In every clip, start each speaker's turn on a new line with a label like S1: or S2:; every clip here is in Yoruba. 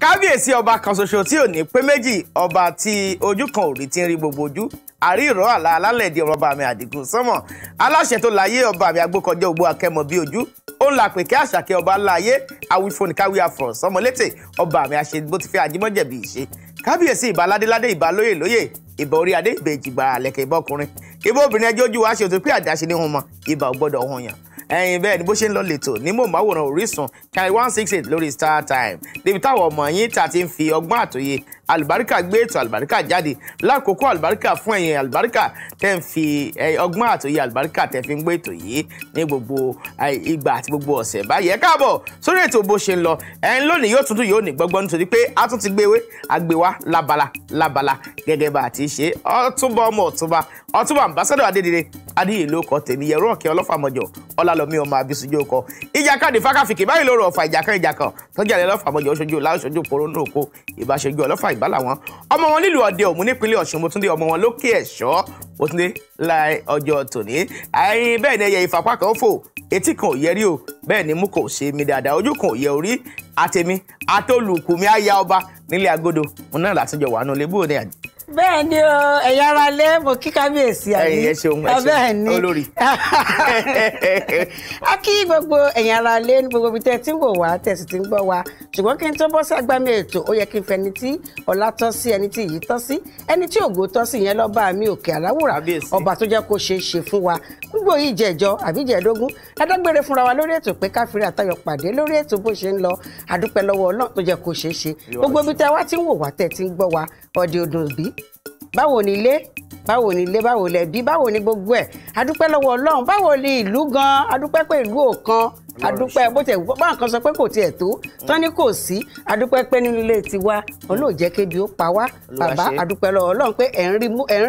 S1: kábíyèsí ọba kan ṣoṣo tí ò ní pé méjì ọba tí ojú kan ò rí ti ń rí gbogbo ojú àrí ìrọ̀ àlà alálẹ̀dí ọba mi àdìgún sánmọ̀ aláṣẹ tó láyé ọba mi agbókọjọ́ ògbó akẹ́mọ bí ojú ó ń la pèké àṣàkẹ́ ọba láyé awífóni káwí afọ̀ sọmọlétè ọba mi àṣẹ bó ti fẹ́ ajímọ́jẹ̀bí ìṣe kábíyèsí ìbáládéládé ìbálóyè lóyè ìbà orí adé ìbejì gbàrà lẹ̀kẹ̀ ìbọkùnrin ìbà obìnrin ẹjọ́ ojú wa ṣètò pé àdáṣe ní hun mọ ìbà ò gbọ́dọ̀ hun yàn ẹ̀yin bẹ́ẹ̀ ni bó ṣe ń lọ lẹ́tọ̀ ní mòmáwòrán Orísun kàrí one six eight lórí Star Time débi táwọn ọmọ yín ta ti ń fi ọgbọ́n àtòyè àlùbáríkà gbé ètò àlùbáríkà jáde lákòókò àlùbáríkà fún ẹ̀yin àlùbáríkà tẹ́ ń fi ọgbọ́n àtòyè àlùbáríkà tẹ́ fi ń gbé ètò yìí ní gbogbo ìgbà àti gbogbo ọ̀sẹ̀ báyìí ẹ káàbọ̀ sórí ètò bó ṣe ń lọ ẹ̀yin lónìí yóò tuntun yóò ní gbọ́gbọ́n nítorí pé a tún ti gbé ewé agbèwá labala labala gẹ́gẹ́ bá a ti ṣe ọtúnba ọmọ ọtúnba ọtúnba ambassadọ̀ adédire adéyè ló kọ tèmi yẹrù ọ̀kẹ́ ọlọ́fàmọ́jọ ọlálọ́mí ọmọ abisujú kọ ìjàkadì fákàfìkì báyìí ló rọ ọ̀fà ìjàkan ìjàkan tọ́jà lẹ́lọ́fàmọ́jọ ọṣojú láṣojú poronú òkó ìbáṣojú ọlọ́fà ìgbà làwọn ọmọ wọn nílùú ọdẹ òmu nípínlẹ̀ ọ̀ṣun mo tún dé ọmọ wọn lókè ẹ̀ṣọ́ mo tún dé láì ọjọ́ tòní àyìn bẹ́ẹ̀ ni ẹyẹ ìfapá kan fò etí kan ò yẹ rí o bẹ́ẹ̀ ni mú kò ṣe mi dáadáa ojú kan ò yẹ orí àtẹ̀mí àtọ́lùkùnmí àyà ọba nílé agodo mo náà látijọ́ wà nù lébú òní àjẹ́
S2: bẹ́ẹ̀ ni o ẹ̀yà ara lẹ́ mo kí kábíyèsí àbí ẹ̀yìn ẹ̀ṣẹ̀ ohun ẹ̀ṣẹ̀ olórí. a kí gbogbo ẹ̀yà ara lẹ́ gbogbo ibi tẹ́ ti ń wò wá tẹ́ ti ń gbọ́ wa ṣùgbọ́n kí n tó bọ́ sí agbámi ètò ó yẹ kí n fẹ́ ẹni tí ọlá tọ́ sí ẹni tí iyì tọ́ sí ẹni tí ògo tọ́ sí yẹn lọ́ba mi òkè aláwùrà ọba tó jẹ́ kó ṣeé ṣe fún wa gbogbo yìí jẹ̀jọ àbí jẹ̀dógún adágbére fúnra wa lórí ètò pé káfíìrì àtayọ̀ pàdé lórí ètò bó ṣe ń lọ àdúpẹ́ lọ́wọ́ Ọlọ́run tó jẹ́ kó ṣeé ṣe gbogbo ibi tẹ́ wá tí ń wò wá tẹ́ ti ń gbọ́ wa ọdẹ odò òbí báwo ni ilé báwo ni ilé báwo lẹbí báwo ni gbogbo ẹ̀ àdúpẹ́ lọ́wọ́ Ọlọ́run báwo ni ìlú gan àdúpẹ́ pé ìlú ò adúpẹ́ bó tiẹ̀ bá nǹkan sọ pé kò tiẹ̀ tó tán ni kò sí adúpẹ́ pé nínú ilé tiwa olóò jẹ́ kébi ó pa wá bàbá adúpẹ́ lọ́wọ́ ọlọ́run pé ẹ̀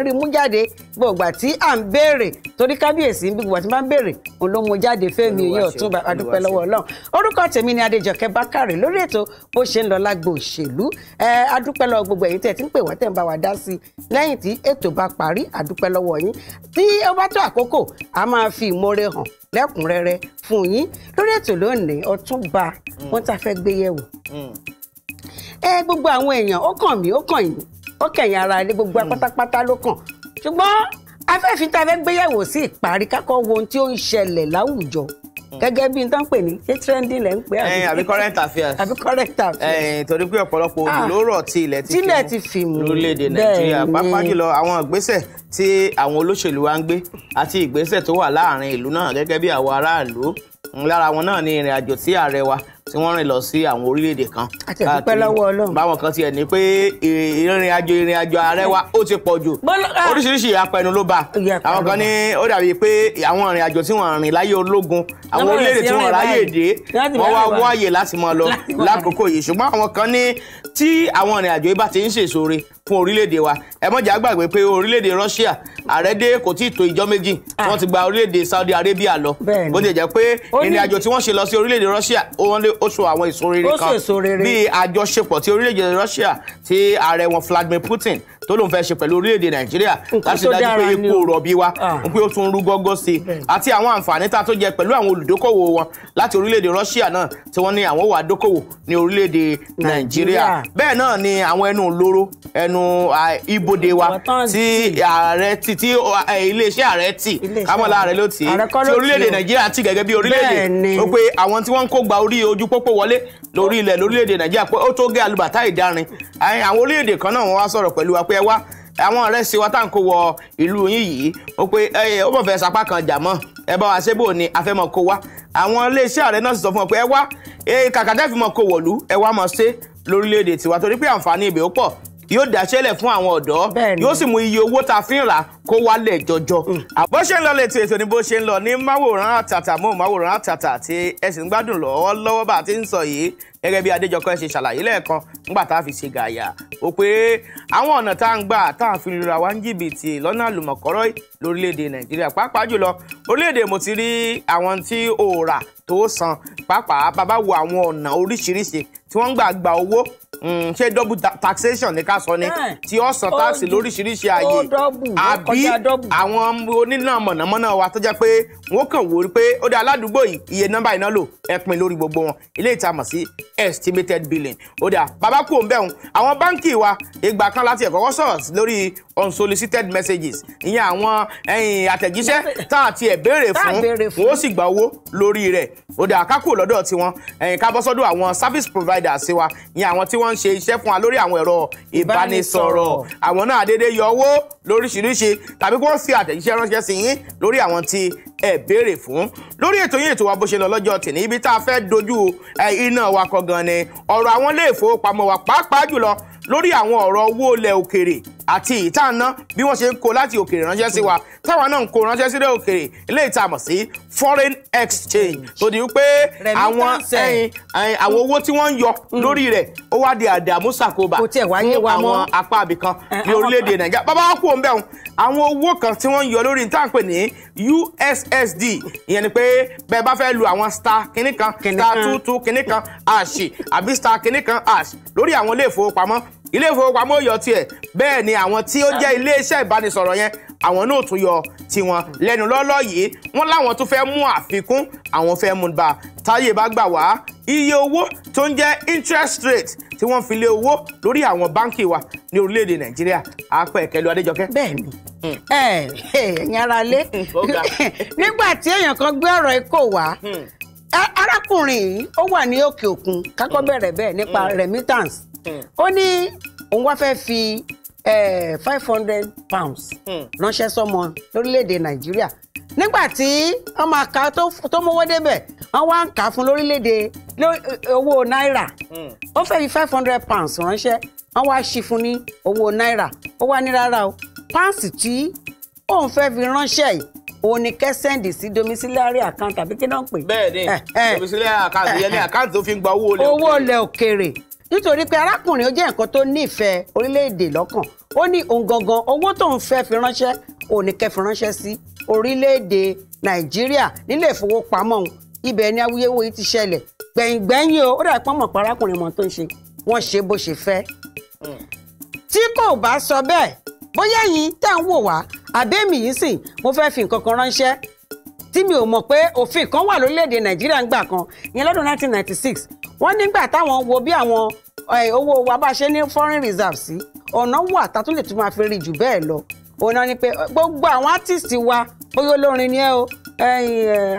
S2: ń rí mú jáde gbọ̀ngbà tí à ń béèrè torí kábíyèsí ń bí gbọ̀ngbà tí bá ń béèrè òun ló mú jáde fẹ́mi ìyẹn ọ̀tún adúpẹ́ lọ́wọ́ ọlọ́run orúkọ tèmi ni adéjọkẹ́ bákàrè lórí ètò bó ṣe ń lọ lágbo òṣèlú adúpẹ́ lọ́wọ́ gbogbo ẹ̀yin tẹ̀ tí ń pè wá tẹ̀ ń bá wa dá sí i lẹ́yìn tí ètò bá parí adúpẹ́ lọ́wọ́ yín tí ó bá tó àkókò a máa fi ìmoore hàn lẹ́kùnrẹ́rẹ́ fún yín lórí ètò lónìí Ọ̀túnba wọn mm. tá a fẹ́ gbé yẹ̀wò. Mm. ẹ gbogbo àwọn èèyàn ó kàn mí ó kàn yín ó kẹ̀yìn ara ilé gbogbo apátápátá mm. ló kàn ṣùgbọ́n afẹ́fin tá a fẹ́ gbé yẹ̀wò sí ìparí kákọ́ wo ohun tí ó ń ṣẹlẹ̀ láwùjọ Mm. gẹ́gẹ́ bí n tán pè ní ṣé trending lẹ́ ń pè àbí. Eh, àbí
S1: current affairs. àbí current affairs. Eh, torí pé ọ̀pọ̀lọpọ̀ olùlórọ̀ ah. tí ilẹ̀ ti fìmù ti fìmù lórílẹ̀‐èdè nàìjíríà pàápàá jùlọ àwọn ìgbésẹ̀ tí àwọn olóṣèlú wa ń gbé àti ìgbésẹ̀ tó wà láàrin ìlú náà gẹ́gẹ́ bí àwọn aráàlú lára wọn náà ni ìrìn àjò tí ààrẹ wa tí wọ́n rìn lọ sí àwọn orílẹ̀-èdè kan. àtẹ̀dúpẹ́ lọ́wọ́ Ọlọ́run. báwọn kan tiẹ̀ ní pé ìrìn àjò ìrìn àjò àrẹwà ó ti pọ̀ jù ah. oríṣiríṣi apẹnu ló bá àwọn kan ní ó dàbí pé àwọn ìrìn àjò tí wọ́n rìn láyé ológun àwọn orílẹ̀-èdè tí wọ́n ráyè dé wọ́n wá wọ́ àyè láti máa lọ lákòókò yìí ṣùgbọ́n àwọn kan ní tí àwọn ìrìn àjò yìí bá ti ń ṣèṣore fún orílẹ̀-èdè wa ẹ mọ̀jà gbàgbé pé orílẹ̀-èdè Russia àrẹ́dé kò tí ì tó ìjọ́ méjì wọ́n ti gba orílẹ̀-èdè Saudi Arabia lọ bó ti jẹ́ pé ìrìn àjò tí wọ́n ṣe lọ sí orílẹ̀-èdè Russia ó so àwọn èso rere kan bíi àjọṣepọ̀ tí orílẹ̀-èdè Russia ti ààrẹ wọn Vladimir Putin tó lóun fẹ́ ṣe pẹ̀lú orílẹ̀-èdè nàìjíríà láti dájú pé epo rọ̀bì wa ń ah. pé ó tún rú gọ́gọ́ sí i àti àwọn àǹfààní tá a tó jẹ pẹ̀lú àwọn olùdókòwò wọn láti orílẹ̀-èdè Russia náà tí wọ́n ní àwọn wà dókòwò ní orílẹ̀-èdè nàìjíríà bẹ́ẹ̀ náà ni àwọn ẹnu lóró ẹnu ibodè wa tí ààrẹ ti tí iléeṣẹ́ ààrẹ tì kámọ́lá ààrẹ ló tì í tí orílẹ̀-èdè nàìjíríà tì gẹ́gẹ́ bí orílẹ̀-èdè ó pé àwọn tí wọ́n ń kó gba orí ojú pópó wọlé lórí ilẹ̀ lórílẹ̀‐èdè nàìjíríà pé ó tó gé alùbàtà ìdarin àwọn orílẹ̀‐èdè kan náà wọ́n wá sọ̀rọ̀ pẹ̀lú wa pé ẹ wá àwọn ọ̀rẹ́ sí wa tá à ń kó wọ ìlú yín yìí ó pé ẹ ó mọ̀ fẹ́ sapá kan jà mọ́ ẹ bá wa ṣé bò ní afẹ́mọ̀ kó wá àwọn iléeṣẹ́ ààrẹ náà sì sọ fún ọ pé ẹ wá kàkàtà ìfimọ̀ kó wọ̀lú ẹ wá mọ̀ ṣe lórílẹ̀‐èdè tiwa torí pé àǹfààní ibẹ̀ ó pọ̀ yóò dáṣẹ́lẹ̀ fún àwọn ọ̀dọ́ yóò sì mú iye owó tá a fi ń rà kó wálẹ̀ jọjọ. Hmm. bó ṣe ń lọ létò ètò ni bó ṣe ń lọ ní máwòrán àtàtà mọ́ máwòrán àtàtà tí ẹ sì ń gbádùn lọ́wọ́ lọ́wọ́ bá a ti ń sọ yìí gẹ́gẹ́ bí Adéjọkẹ́ ṣe ṣàlàyé lẹ́ẹ̀kan nígbà tá a fi ṣe gàyà ó pé àwọn ọ̀nà tá à ń gbà tá à ń fi lura wa ń jìbìtì lọ́nà àlùmọ̀kọ́rọ́ lórílẹ̀‐èdè Nàìjíríà pàápàá jùlọ orílẹ̀‐èdè mo ti rí àwọn tí òòrà tó san pàápàá bàbá wo àwọn ọ̀nà oríṣiríṣi tí wọ́n ń gbà gba owó Mm, ṣé double taxation ni ká sọ ni eh. tí ó san táàsì lóríṣiríṣi ààyè àbí àwọn oníná mọ̀nàmọ́ná wa tó jẹ́ pé wọ́n kàn wò pé ó dé aládùúgbò yìí iye nọ́mbà iná lò ẹ pín lórí gbogbo wọn ilé ìta mọ̀ sí estimated billing ó dà bàbá kú òǹbẹ̀ òun àwọn báńkì wa ìgbà kan láti ẹ̀kọ́kọ́ sọ̀rọ̀ lórí unsolicited messages ìyẹn àwọn àtẹ̀jíṣẹ́ tá àti ẹ̀ béèrè fún wọn ó sì gba owó lórí rẹ̀ ó dà kákò lọ́dọ̀ tiwọn ká bọ́ sọ́dọ̀ àwọn service wa ìyẹn àwọn tí wọ́n wọ́n ń ṣe iṣẹ́ fún wa lórí àwọn ẹ̀rọ ìbánisọ̀rọ̀ àwọn náà déédéé yọ owó lóríṣiríṣi tàbí kí wọ́n fi àtẹ̀jíṣẹ́ ránṣẹ́ sí yín lórí àwọn tí ẹ béèrè fún lórí ètò yín ètò wa bó ṣe lọ lọ́jọ́ tèmi ibi tá a fẹ́ dojú iná wa kọ gan ni ọ̀rọ̀ àwọn ilé ìfowópamọ́ wa pàápàá jùlọ lórí àwọn ọ̀rọ̀ owó ilẹ̀ òkèrè àti èyí tá à ń ná bí wọ́n ṣe ń kó láti òkèèrè ránṣẹ́ sí wa táwa náà ń kó ránṣẹ́ sílẹ̀ òkèèrè eléyìí tá mọ̀ sí foreign exchange tó di wípé àwọn ẹyin àwọn owó tí wọ́n ń yọ mm-hmm. lórí rẹ̀ ó wá di àdàmú sàkóbà fún àwọn apá abìkan ní orílẹ̀-èdè nàìjíríà bàbá wa kú òun bẹ́ẹ̀ àwọn owó kan tí wọ́n ń yọ lórí tá à ní ussd ìyẹn ni pé bẹ́ẹ̀ bá fẹ́ lu àwọn star kìnnìkan star two two kìnnìkan ash àbí star kìnnìkan ash lórí àwọn ilé ìfowópamọ́ ilé ìfowópamọ́ yọ tiẹ̀ bẹ́ẹ̀ ni àwọn tí ó jẹ́ ilé iṣẹ́ ìbánisọ̀rọ̀ yẹn àwọn náà tún yọ tiwọn lẹ́nu lọ́lọ́ yìí wọ́n láwọn tún fẹ́ mú àfikún àwọn fẹ́ mú bá táyé bá gbà wá iye owó tó ń jẹ́ interest rate tí wọ́n fi lé owó lórí àwọn báńkì wa ní orílẹ̀-èdè nàìjíríà àpẹ ìkẹlú adéjọkẹ́. bẹ́ẹ̀ni
S2: ẹ̀yin aráalé nígbà tí èèyàn kan gbé ọ̀rọ̀ ikọ wá hmm. arákùnrin yìí ó wà ní òkè òkun kákọ bẹ̀rẹ̀ bẹ́ẹ̀ nípa hmm. remittance ó ní òun wá fẹ́ fi eh, five hundred pounds hmm. ránṣẹ́ sọ́mọ lórílẹ̀‐èdè nàìjíríà nígbà tí wọ́n máa ka tó mówó débẹ̀ wọ́n wá ń kà á fún lórílẹ̀‐èdè owó náírà hmm. ó fẹ́ fi five hundred pounds ránṣẹ́ wọ́n wá ṣí fún ní owó náírà ó wá ní rárá o pounds tí òun fẹ́ fi ránṣẹ́ yìí òun ni kẹ́sẹ̀ǹdì sí domiciliary account àbí kí náà pè. bẹ́ẹ̀ ni eh, eh. domiciliary account yẹn ni account tó fi ń gba owó olè òkèèrè. owó olè òkèèrè nítorí pé arákùnrin ó jẹ́ nǹkan tó nífẹ̀ẹ́ orílẹ̀-èdè lọ́kàn ó ní òun gangan owó tóun fẹ́ fi ránṣẹ́ òun ní kẹ́ fi ránṣẹ́ sí orílẹ̀-èdè nàìjíríà nílé ìfowópamọ́ òun ibẹ̀ ni awuyewuye ti ṣẹlẹ̀ gbẹ̀yìngbẹ̀yìn o ó dà pọ́n mọ̀ pé arákùnrin mọ̀ tó ń ṣe wọ́n ṣe bó ṣe fẹ́. tí kò bá sọ bẹ́ẹ̀ bóyá yìí tẹ̀ ń wò wá àbẹ́mi yìí sìn mo fẹ́ fi nǹkan kan ránṣẹ́ tí mi ò mọ̀ pé òfin kan wà lórílẹ̀‐èdè nàìjíríà ń gbà kan ìyẹn lọ́dún 1996 wọ́n nígbà táwọn wo bí àwọn owó wa bá ṣe ní foreign reserve sí ọ̀nà wà tá tó lè tún máa fi rí jù bẹ́ẹ̀ lọ òun náà ni pé gbogbo àwọn artist wa bóyá olórin ni ẹ o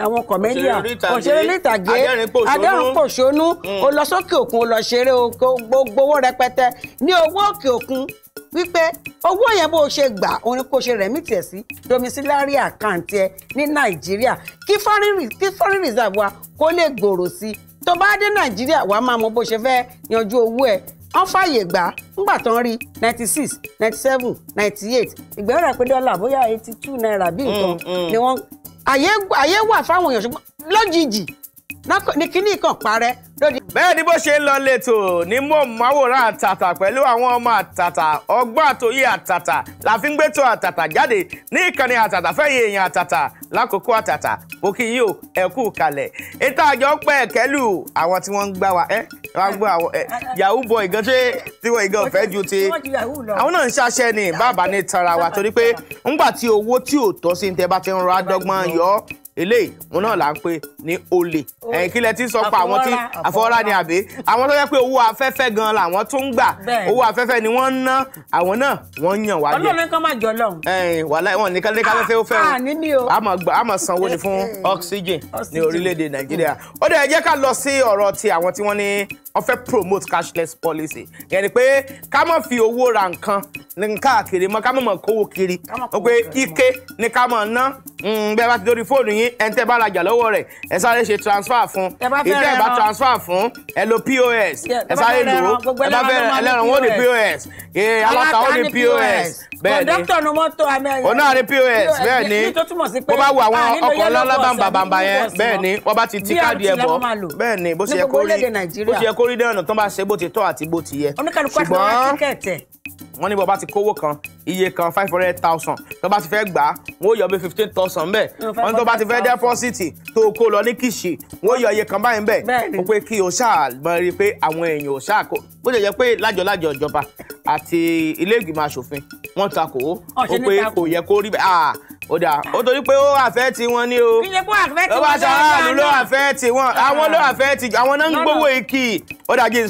S2: àwọn comedian òṣèré nítage adẹ́rùnpòṣónú ó lọ sókè òkun ó lọ ṣeré gbogbo owó rẹpẹtẹ ní owó òkè òkun wípé owó yẹn bó ṣe gbà òun ni kò ṣe rẹ̀mítì ẹ̀ sí domiciliary account ẹ ní nàìjíríà kí foreign reserve wa kó lè gbòòrò sí i tó bá dé nàìjíríà wàá máa mọ bó ṣe fẹ́ yanjú owó ẹ̀ wọ́n fàyè gbà ńgbà tán rí ninety six ninety seven ninety eight ìgbẹ́rù rẹ̀ pé dọ́là bóyá eighty two naira bí nǹkan mm, mm. ni wọ́n àyè wà fáwọn èèyàn ṣùgbọ́n lójijì ní kíní kan parẹ́ lóde.
S1: bẹ́ẹ̀ ni bó ṣe ń lọ lẹ́tọ̀ ní mọ̀máwòrán àtàtà pẹ̀lú àwọn ọmọ àtàtà ọgbọ́n àtòyé àtàtà la fi ń gbẹ́tọ̀ àtàtà jáde ní ìkànnì àtàtà fẹ́yìn èèyàn àtàtà lákòókò àtàtà bó kí yíò ẹ kú kalẹ̀ ètò àjọ ń pẹ́ kẹ́lù àwọn tí wọ́n ń gbá wa ẹ́ wọ́n gbọ́ àwọn yahoo boy gan ṣé tí wọ́n ìgan ọ̀fẹ́ ju ti àwọn náà ń ṣàṣẹ ni bàbá ní tara wa torí pé ńgbà tí owó tí ò tọ́ sí ní tẹ́ bá ti ń rọ adọ́gbọ́n yọ eléyìí òun náà là ń pè ní olè ẹ̀yìn kílẹ̀ tí ń sọ pa àwọn tí àfọwọ́rá ni àbí àwọn tó yẹ pé owó afẹ́fẹ́ gan làwọn tó ń gbà owó afẹ́fẹ́ ni wọ́n ń ná àwọn náà wọ́n ń yàn wá jẹ. ọlọ́run
S2: kan ah, ah, máa jọ lọ́hùn. ẹ̀yìn
S1: wàhálà wọn ní kálí kálí fẹ́ fẹ́ o a máa sanwó ni fún oxygen ní orílẹ̀-èdè nàìjíríà ó dẹ̀ jẹ́ ká lọ sí ọ̀rọ̀ ti àwọn tí wọ́n ní wọ́n fẹ́ promote cashless policy yẹn ni pé ká má fi owó ra nǹkan ní káàkiri mọ́ ká mọ̀mọ́ kówó kiri ó pé ike ní ká mọ̀ ná mm, bẹ́ẹ̀ bá ti dórí fóònù yín ẹni tẹ́ bá rajà lọ́wọ́ rẹ̀ ẹ sáré ṣe transfer fún ìdí ẹ̀ bá transfer fún ẹ lo pos ẹ sáré lò ó ẹ bá fẹ́ ẹlẹ́rọ wọn ní pos aláta wọn ní pos bẹ́ẹ̀
S2: ni ọ̀nà àrí pos bẹ́ẹ̀ ni bó bá wù àwọn ọkọ̀ ọlọ́lá bàǹbàǹbà yẹn bẹ́ẹ̀ ni wọ́n bá ti tí káàdì ẹ̀ bọ̀
S1: bẹ́ẹ̀ ni bó ṣe yẹ kó rí bó ṣe yẹ kó rí dẹ́rọ̀nà tó bá ṣe bó ti tọ́ àti bó ti yẹ ṣùgbọ́n wọ́n ní bọ́ọ̀ bá ti kówó kan iye kan five hundred thousand tó bá ti fẹ́ gbà á wọ́n yọ bí fifteen thousand bẹ́ẹ̀ wọ́n tó bá ti fẹ́ dẹ́pọ́sìtì tó kó lọ ní kìsì wọ́n yọ iye kan báyìí bẹ́ẹ̀ ó pé kí o ṣáà mọ rí i pé àwọn èèyàn ò ṣáà kó bó ṣe jẹ́ pé lájọlájọ ìjọba àti ilé ìgbìmọ̀ asòfin wọ́n ta kò ó ó pé kò yẹ kó rí bẹ́ẹ̀ ó dáa ó torí pé ó àfẹ́ tí wọ́n ní o
S2: ó bá ṣàlù ló àfẹ́
S1: tí wọ́n ah. àwọn ló àfẹ́ tí àwọn náà ń gbowó ikì ó dáa jẹ́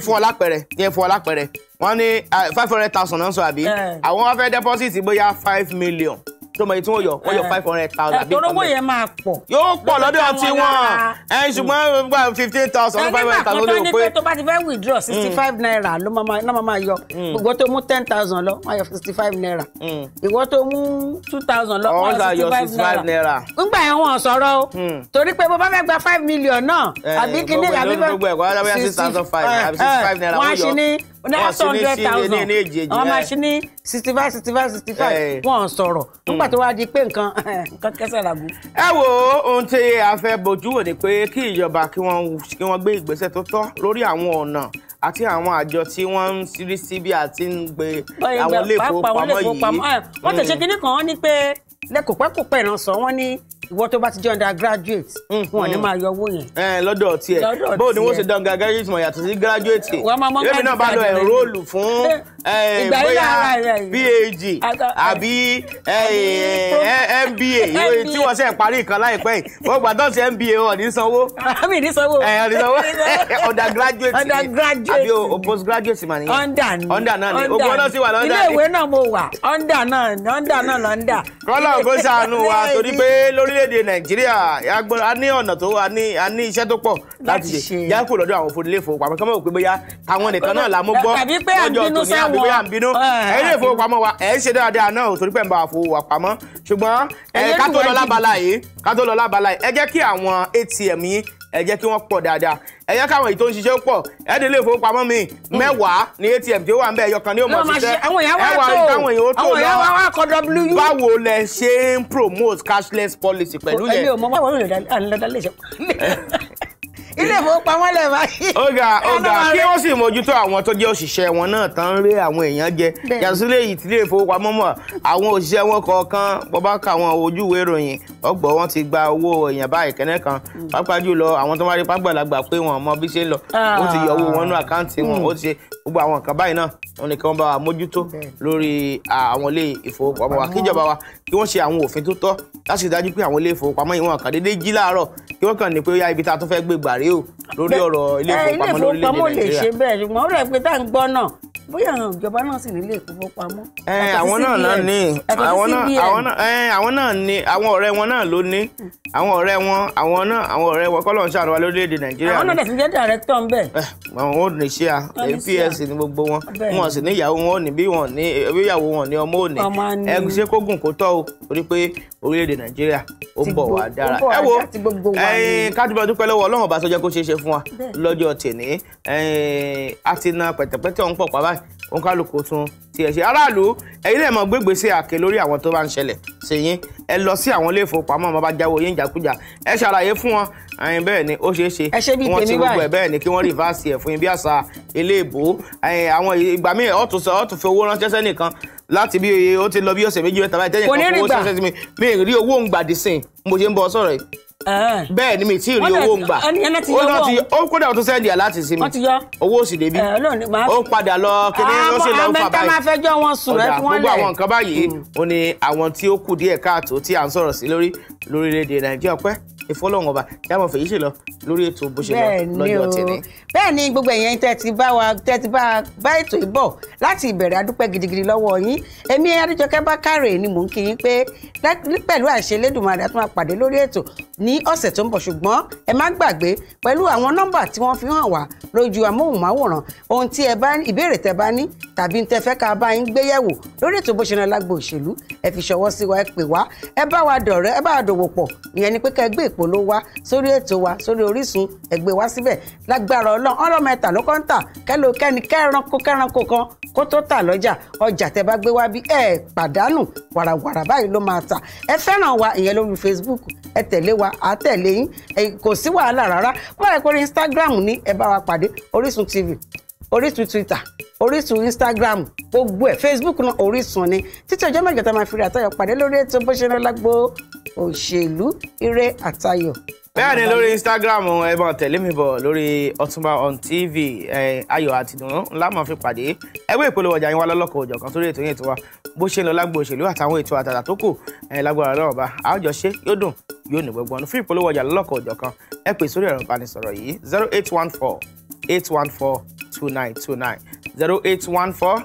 S1: fún ọ lápẹ̀rẹ̀ wọ́n ní ah, five hundred thousand náà sọ àbí eh. àwọn wá fẹ́ deposit bóyá five million tó mọ èyí tí wọ́n yọ wọ́n yọ eh. five hundred thousand àbí ìtọ́mọ̀ eh, yẹn máa pọ̀ yóò pọ̀ lọ́dọ̀ tí hmm. wọ́n ẹ ṣùgbọ́n gba fifteen thousand five hundred thousand ló lè pé
S2: tó bá ti fẹ́ withdraw hmm. sixty five naira ló máa máa yọ ìwọ hmm. tó mú ten thousand lọ wọ́n yọ sixty five naira ìwọ tó mú two thousand lọ wọ́n yọ sixty five naira ńgbà yẹn wọn sọ̀rọ̀ o torí pé bó bá fẹ́ gba five million náà àbí kíní àbí bá sixty five naira wọ́n á ṣe ní náírà ah, tó hundred thousand àwọn máa ṣe ní sixty five sixty five sixty five eh. wọ́n sọ̀rọ̀ hmm. nígbà tó wá di pé nǹkan nǹkan kẹsẹ̀ làgùn. ẹ wo ohun tí
S1: a fẹ́ bojú wò ni pé kí ìjọba kí wọ́n gbé ìgbésẹ̀ tó tọ́ lórí àwọn ọ̀nà àti
S2: àwọn àjọ tí wọ́n ń ṣírí sí bí a ti ń gbé àwọn ilé ìfowópamọ́ yìí. Eh, wọ́n tẹ̀sẹ̀ hmm. kínní kan wọ́n ní pé lẹ́kọ̀ọ́pẹ́kọ̀ọ́pẹ́ ìrànṣọ́ wọ́n ní ìwọ tó bá ti jẹ́ undergraduate mm-hmm. wọn ni máa yọ owó yẹn.
S1: ẹ eh, lọ́dọ̀ tiẹ̀ bó ni wọ́n ṣe dán undergraduate mọ̀ yàtọ̀ sí graduate èmi náà bá lọ ẹ̀rọ òòlù fún eh, Eh, bóyá phd àbí eh, eh, mba tí wọ́n ṣe ń parí nǹkan láìpẹ́ yìí wọ́n gbàdọ́ sí mba ọ̀ ní sanwó. àmì ní sanwó. ẹ̀ ní sanwó undergraduate undergraduate àbí postgraduate mà ní. under ni under náà ni ogun ọlọ́sìn wà lọ́ndà ni. ilé ìwé
S2: náà mo wà under náà under náà lọ́ndà. kọ́lá ògbó sànù wa torí
S1: pé lórílẹ̀‐èdè nàìjíríà a ní ọ̀nà tó a ní iṣẹ́ tó pọ̀ láti ṣe yá kúrò lọ́dọ̀ àwọn ilé ìfowópamọ́ kọ́mọ̀ òpin bóyá àwọn nìkan náà làmú gbọ́ lọ́jọ́ tòní àb àbí bóyá ń bínú ẹ̀yin ilé ìfowópamọ́ wa ẹ̀ ń ṣe dáadáa náà ò torí pẹ̀ ń bá àfowó wa pamọ́ ṣùgbọ́n ká tó lọ lábala yìí ká tó lọ lábala yìí ẹ jẹ́ kí àwọn ATM yín ẹ jẹ́ kí wọ́n pọ̀ dáadáa ẹ jẹ́ káwọn èyí tó ń ṣiṣẹ́ pọ̀ ẹ̀ẹ́dẹ̀ ilé ìfowópamọ́ mi mm. mẹ́wàá ní ATM tí ó wà ń bẹ̀ ẹ̀yọkan ní òmò ṣiṣẹ́ ẹ̀wà ìtàwọn èyí ó tó lọ báwo lẹ ṣe ń promote cashless policy pẹ̀lú yẹn. ilé
S2: ìfowópamọ́ lẹ̀ báyìí.
S1: ó ga ó ga kí wọ́n sì mójútó àwọn tó jẹ́ òṣìṣẹ́ wọn náà tán ń ré àwọn èèyàn jẹ yàtọ̀ sílé yìí tilé ìfowópamọ́ mọ̀ àwọn òṣìṣẹ́ wọn kọ̀ọ̀kan bó bá ka àwọn ojúwe ìròyìn ọgbọ̀n wọn ti gba owó èèyàn báyìí kẹ́nẹ́ kan hmm. pàápàá jùlọ àwọn tó bá rí pàgbàlagbà pé wọn mọ bí ṣe ń lọ ó ah. ti yọ owó wọn nú àkáǹtì wọn ó hmm. ti gbogbo àwọn nǹkan báyìí náà wọn nìkan bá wa mójútó lórí ah, àwọn ilé ìfowópamọ́ wa kíjọba wa kí wọ́n ṣe àwọn òfin tó tọ́ láti rí dájú pé àwọn ilé ìfowópamọ́ yìí wọn kàn déédé jí láàárọ̀ kí wọ́n kàn ní pé ibi tá a tún fẹ́ gbé gbàrí o lórí ọ̀rọ̀ ilé ìfowópamọ́ lórílẹ̀‐èdè nàìjíríà. ilé ìfowópamọ́ lè ṣe
S2: bẹ́ẹ̀ ṣùgbọ́n ó rẹ̀ pé tá à ń gbọ́ náà bóyá àwọn ìjọba náà sì nílé ìfowópamọ́. àwọn náà náà ní àwọn náà
S1: àwọn náà ní àwọn ọ̀rẹ́ wọn náà ló ní hmm. àwọn ọ̀rẹ́ wọn àwọn náà àwọn ọ̀rẹ́ wọn kọ́lọ̀ ń ṣàánú wa lórílẹ̀‐èdè nàìjíríà. àwọn náà tẹ̀sí jẹ́ dàrẹ́tọ̀ ńbẹ̀. àwọn ò ní ṣíà psc ní gbogbo wọn wọn sì ní ìyàwó wọn ní bí wọn ní ìyàwó wọn ní ọmọ òní ẹ ṣe kógùn kó tọ́ o torí pé orílẹ̀‐èdè nàìjíríà ó ń bọ̀ wá dára ẹ wo kájúbọ dúpẹ́ lọ́wọ́ Ọlọ́run ọba sọjọ kó ṣeé ṣe fún wa lọ́jọ́ tèmi a ti na pẹ̀tẹ̀pẹ́tẹ̀ ọhún pọ̀ pàbáyì òun kálukú tún tiẹ̀ ṣe aráàlú ẹ̀yin lè mọ gbégbèsè àkè lórí àwọn tó bá ń ṣẹlẹ̀ sí yín ẹ lọ sí àwọn ilé ìfowópamọ́ ọmọ bá jáwọ́ yín jàkújà ẹ ṣàlàyé fún wọn ẹyin bẹ́ẹ̀ ni ó ṣeé ṣe wọ́n ti gbogbo ẹ̀ bẹ́ẹ̀ ni kí wọ́n rìvásì ẹ̀ fún yín bí àṣà ilé ìbò àwọn ìgbà míì ọ̀tún fi owó ránṣẹ́ sẹ́nìkan láti bí ó ti lọ bí ọ̀sẹ̀ méjì mẹ́ta báyìí tẹ́yìn kan owó ṣẹṣẹ sí mi mi rí owó ń gbà dísìn mo ṣe ń bọ sọ̀rọ̀ yìí bẹ́ẹ̀ ni mi ti rí owó ń gbà ó náà ti ó kódà tó sẹ́ndì àláti sí mi owó òsì débi ó padà lọ kíní ah, ó sì lọ fà báyìí ọ̀dà gbogbo àwọn nǹkan báyìí mm. ó ní àwọn tí ó kù díẹ̀ káàtó tí à ń sọ̀rọ̀ sí lórí lórílẹ̀‐èdè Nàìjíríà pẹ́ ìfọlọ́wọ́n ọba dáàmú fèyí ṣe lọ lórí ètò bó ṣe lọ lọ́jọ́ tẹ̀lé.
S2: bẹ́ẹ̀ ni gbogbo ẹ̀yẹn tẹ́ ti bá wa tẹ́ ti bá bá ètò ìbọ̀ láti ìbẹ̀rẹ̀ adúpẹ́ gidigidi lọ́wọ́ yín èmi Adéjọkẹ́ Bákàrè ni mò ń kí yín pé pẹ̀lú àṣẹ Elédùmarè tó máa pàdé lórí ètò ní ọ̀sẹ̀ tó ń bọ̀ ṣùgbọ́n ẹ má gbàgbé pẹ̀lú àwọn nọ́mbà tí wọ́n fi hàn wá lójú amóhùnmáwòrán ohun tí ẹ bá ìbéèrè tẹ́ bá ní tàbí tẹ́ fẹ́ ká bá yín gbéyẹ̀wò lórí ètò bó ṣe náà lágbo òṣèlú ẹ fi ṣọwọ́ sí wa ẹ pè wá ẹ bá wa dọ̀rẹ́ ẹ bá wa dòwò pọ̀ ìyẹn ni pé ká ẹ gbé ìk polówó wá sórí ètò wa sórí Orísun ẹgbẹ́ wá síbẹ̀ lágbára ọlọ́run ọ̀rọ̀ mẹ́ta ló kọ́ ń tà kẹ́lò kẹ́ni kẹ́ranko kẹ́ranko kan kó tó tà lọ́jà ọjà tẹ́ bá gbé wá bí ẹ pàdánù wàràwàrà báyìí ló máa tà ẹ fẹ́ràn wa ìyẹn lórí Facebook ẹ tẹ̀lé wa à tẹ̀lé yín kò sí wàhálà rárá báyìí kórè Instagram ní ẹ bá wa pàdé Orísun TV Orísun Twitter orísun instagram gbogbo ẹ facebook náà orísun ni títí ọjọ́ mẹ́jọ tá a máa fi rí àtayọ̀ pàdé lórí ètò bó ṣe ń lágbo òṣèlú ire àtayọ̀.
S1: bẹ́ẹ̀ ni lórí instagram ẹ máa tẹ̀lé mi bọ̀ lórí ọtúnba on tv ayọ̀ àti ìdùnnú ńlá máa fi pàdé ẹgbẹ́ ìpolówó ọjà yín wá lọ́lọ́kọ̀ òjọ̀ kan sórí ètò yẹn tó wa bó ṣe ń lọ lágbo òṣèlú àtàwọn ètò àtàtà tó kù lágbára lọ́wọ́ bá àjọ ṣe yóò dùn yóò ní gbogbo ọ̀nà fún ìpolówó ọjà lọ́lọ́kọ̀ òjọ̀ kan ẹ pè sórí ẹ̀rọ ìbánisọ̀rọ̀ yìí zero eight one four eight one four two nine two nine zero eight one four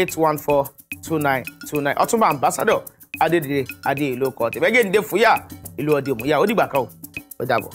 S1: eight one four two nine two nine ọtúnba ambassador adédire adéyèlókọ tẹ̀mẹ́gẹ́ndé fúyà ìlú ọdẹ òmùyà ó dìgbà kan ó dàbọ̀.